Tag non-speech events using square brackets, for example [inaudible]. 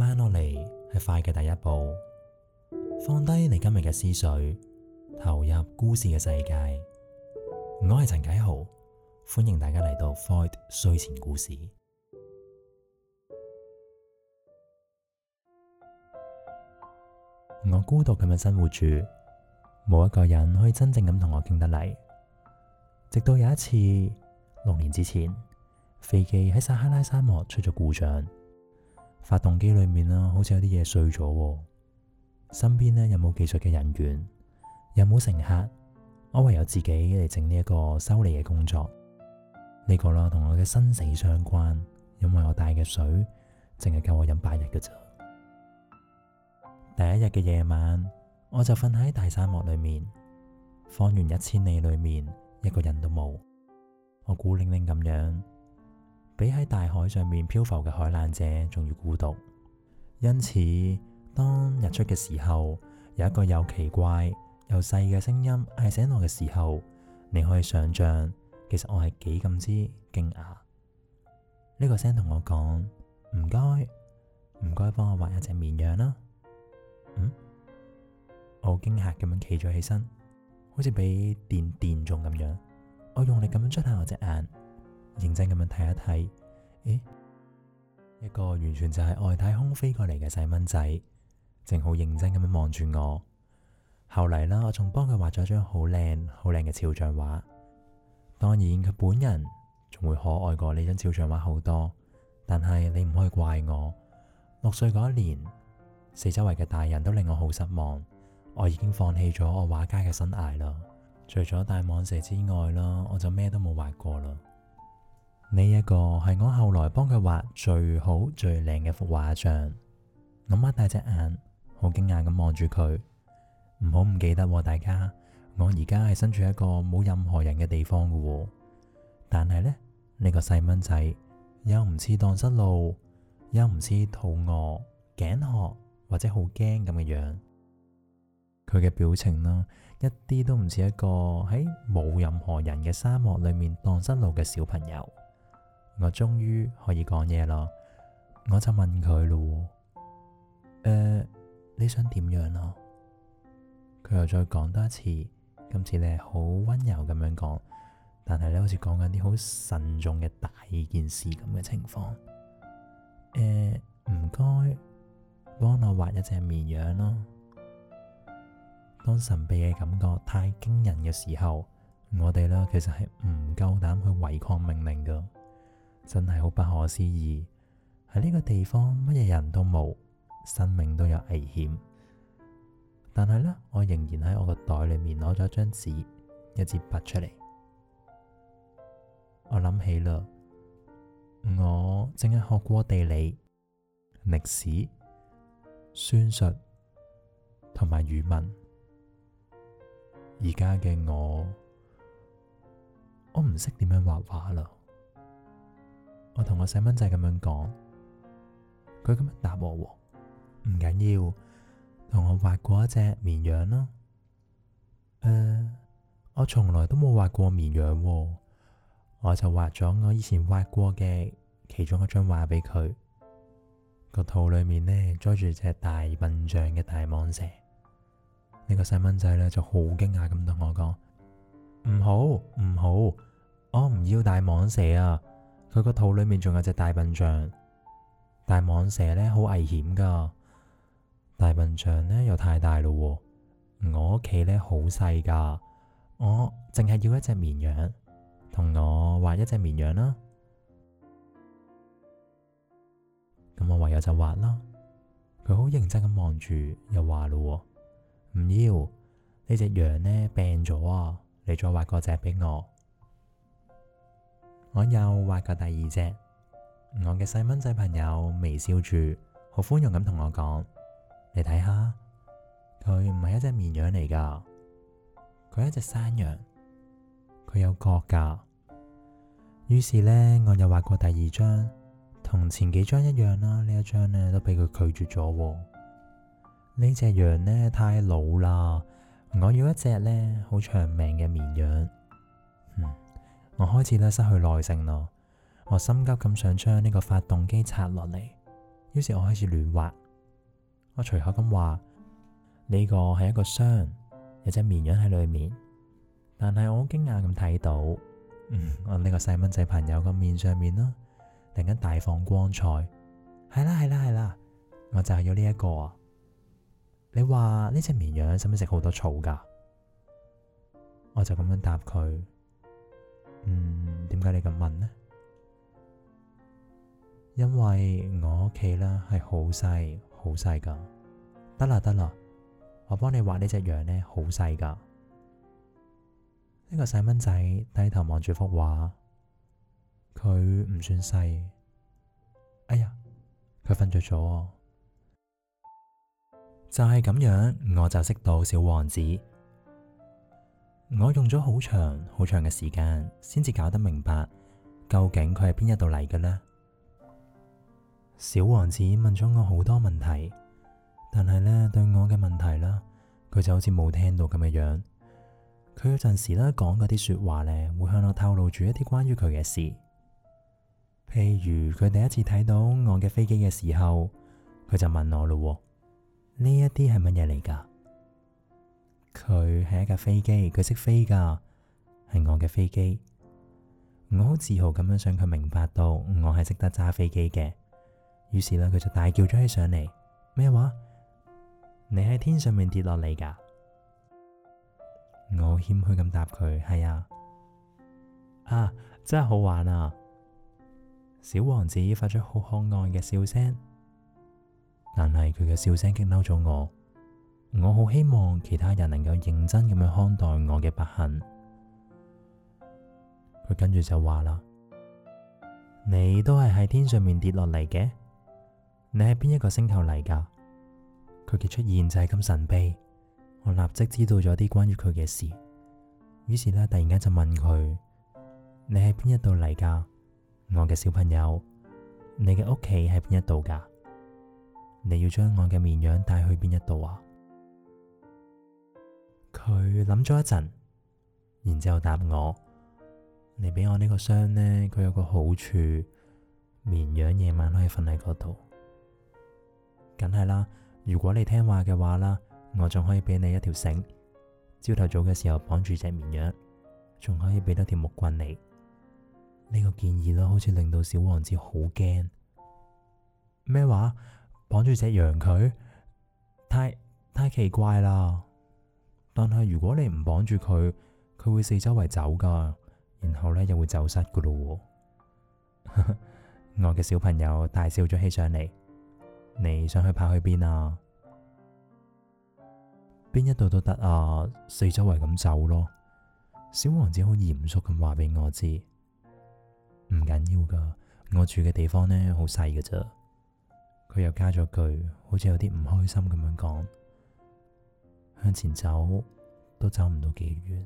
慢落嚟係快嘅第一步，放低你今日嘅思緒，投入故事嘅世界。我係陳棨豪，歡迎大家嚟到 Floyd 睡前故事。我孤獨咁樣生活住，冇一個人可以真正咁同我傾得嚟。直到有一次，六年之前，飛機喺撒哈拉沙漠出咗故障。發動機裏面啦，好似有啲嘢碎咗啊。身邊呢，有冇技術嘅人員，有冇乘客？我唯有自己嚟整呢一個修理嘅工作。呢個啦，同我嘅生死相關，因為我帶嘅水淨係夠我飲八日嘅咋。第一日嘅夜晚，我就瞓喺大沙漠裏面，方圓一千里裏面一個人都冇，我孤零零咁樣。比喺大海上面漂浮嘅海難者仲要孤獨，因此當日出嘅時候，有一個又奇怪又細嘅聲音嗌醒我嘅時候，你可以想象，其實我係幾咁之驚訝。呢個聲同我講：唔該，唔該，幫我畫一隻綿羊啦。嗯，我好驚嚇咁樣企咗起身，好似俾電電中咁樣。我用力咁樣捽下我隻眼。認真咁樣睇一睇，誒、欸，一個完全就係外太空飛過嚟嘅細蚊仔，正好認真咁樣望住我。後嚟啦，我仲幫佢畫咗張好靚、好靚嘅肖像畫。當然佢本人仲會可愛過呢張肖像畫好多，但係你唔可以怪我。六歲嗰一年，四周圍嘅大人都令我好失望，我已經放棄咗我畫家嘅生涯啦。除咗大蟒蛇之外啦，我就咩都冇畫過啦。呢一個係我後來幫佢畫最好最靚嘅幅畫像。我擘大隻眼，好驚訝咁望住佢。唔好唔記得大家，我而家係身處一個冇任何人嘅地方噶喎。但係呢，呢、呢個細蚊仔又唔似蕩失路，又唔似肚餓、頸渴或者好驚咁嘅樣。佢嘅表情呢，一啲都唔似一個喺冇任何人嘅沙漠裏面蕩失路嘅小朋友。我終於可以講嘢咯，我就問佢咯。誒、呃，你想點樣咯，啊？佢又再講多一次。今次你係好溫柔咁樣講，但係你好似講緊啲好慎重嘅大件事咁嘅情況。誒、呃，唔該，幫我畫一隻綿羊咯。當神秘嘅感覺太驚人嘅時候，我哋咧其實係唔夠膽去違抗命令噶。真係好不可思議，喺呢個地方乜嘢人都冇，生命都有危險。但係呢，我仍然喺我個袋裏面攞咗張紙，一支筆出嚟。我諗起啦，我正喺學過地理、歷史、算術同埋語文。而家嘅我，我唔識點樣畫畫啦。我同我細蚊仔咁樣講，佢咁樣答我、哦：唔緊要，同我畫過一隻綿羊啦。誒、呃，我從來都冇畫過綿羊，我就畫咗我以前畫過嘅其中一張畫俾佢。個肚裏面呢，載住隻大笨象嘅大蟒蛇。呢、呢個細蚊仔咧就好驚訝咁同我講：唔好，唔好，我唔要大蟒蛇啊！佢個肚裏面仲有隻大笨象，大蟒蛇咧好危險噶，大笨象咧又太大咯。我屋企咧好細噶，我淨係要一隻綿羊，同我畫一隻綿羊啦。咁我唯有就畫啦。佢好認真咁望住，又話咯，唔要，呢隻羊咧病咗啊！你再畫個隻俾我。我又畫過第二隻，我嘅細蚊仔朋友微笑住，好寬容咁同我講：你睇下，佢唔係一隻綿羊嚟噶，佢係一隻山羊，佢有角噶。於是呢，我又畫過第二張，同前幾張一樣啦。呢一張呢都俾佢拒絕咗。呢隻羊呢太老啦，我要一隻呢好長命嘅綿羊。嗯。我開始咧失去耐性咯，我心急咁想將呢個發動機拆落嚟，於是我開始亂畫。我隨口咁話：呢個係一個箱，有隻綿羊喺裏面。但係我好驚訝咁睇到，嗯，我呢個細蚊仔朋友嘅面上面啦，突然間大放光彩。係啦係啦係啦,啦，我就係要呢一個啊。你話呢隻綿羊使唔使食好多草噶？我就咁樣答佢。嗯，點解你咁問呢？因為我屋企咧係好細，好細噶。得啦，得啦，我幫你畫呢隻羊咧，好細噶。呢個細蚊仔低頭望住幅畫，佢唔算細。哎呀，佢瞓着咗。就係咁樣，我就識到小王子。我用咗好長好長嘅時間，先至搞得明白究竟佢係邊一度嚟嘅呢？小王子問咗我好多問題，但係呢對我嘅問題啦，佢就好似冇聽到咁嘅樣。佢有陣時咧講嗰啲說話呢，會向我透露住一啲關於佢嘅事。譬如佢第一次睇到我嘅飛機嘅時候，佢就問我啦：呢一啲係乜嘢嚟噶？佢係一架飛機，佢識飛噶，係我嘅飛機。我好自豪咁樣想佢明白到我係識得揸飛機嘅。於是呢，佢就大叫咗起上嚟：咩話？你喺天上面跌落嚟噶？我好謙虛咁答佢：係啊，啊真係好玩啊！小王子發出好可愛嘅笑聲，但係佢嘅笑聲激嬲咗我。我好希望其他人能夠認真咁樣看待我嘅不幸。佢跟住就話啦：，你都係喺天上面跌落嚟嘅，你喺邊一個星球嚟噶？佢嘅出現就係咁神秘，我立即知道咗啲關於佢嘅事。於是呢，突然間就問佢：，你喺邊一度嚟噶？我嘅小朋友，你嘅屋企喺邊一度噶？你要將我嘅綿羊帶去邊一度啊？佢諗咗一陣，然之後答我：你俾我呢個箱呢？佢有個好處，綿羊夜晚可以瞓喺嗰度，梗係啦。如果你聽話嘅話啦，我仲可以俾你一條繩，朝頭早嘅時候綁住隻綿羊，仲可以俾多條木棍你。呢個建議咯，好似令到小王子好驚咩話？綁住隻羊佢，太太奇怪啦！但係如果你唔綁住佢，佢會四周圍走噶，然後咧，又會走失噶咯。 [laughs] 我嘅小朋友大笑咗起上嚟，你想去跑去邊啊？邊一度都得啊，四周圍咁走咯。小王子好嚴肅咁話畀我知，唔緊要噶，我住嘅地方咧，好細噶啫。佢又加咗句，好似有啲唔開心咁樣講。向前走，都走唔到幾遠。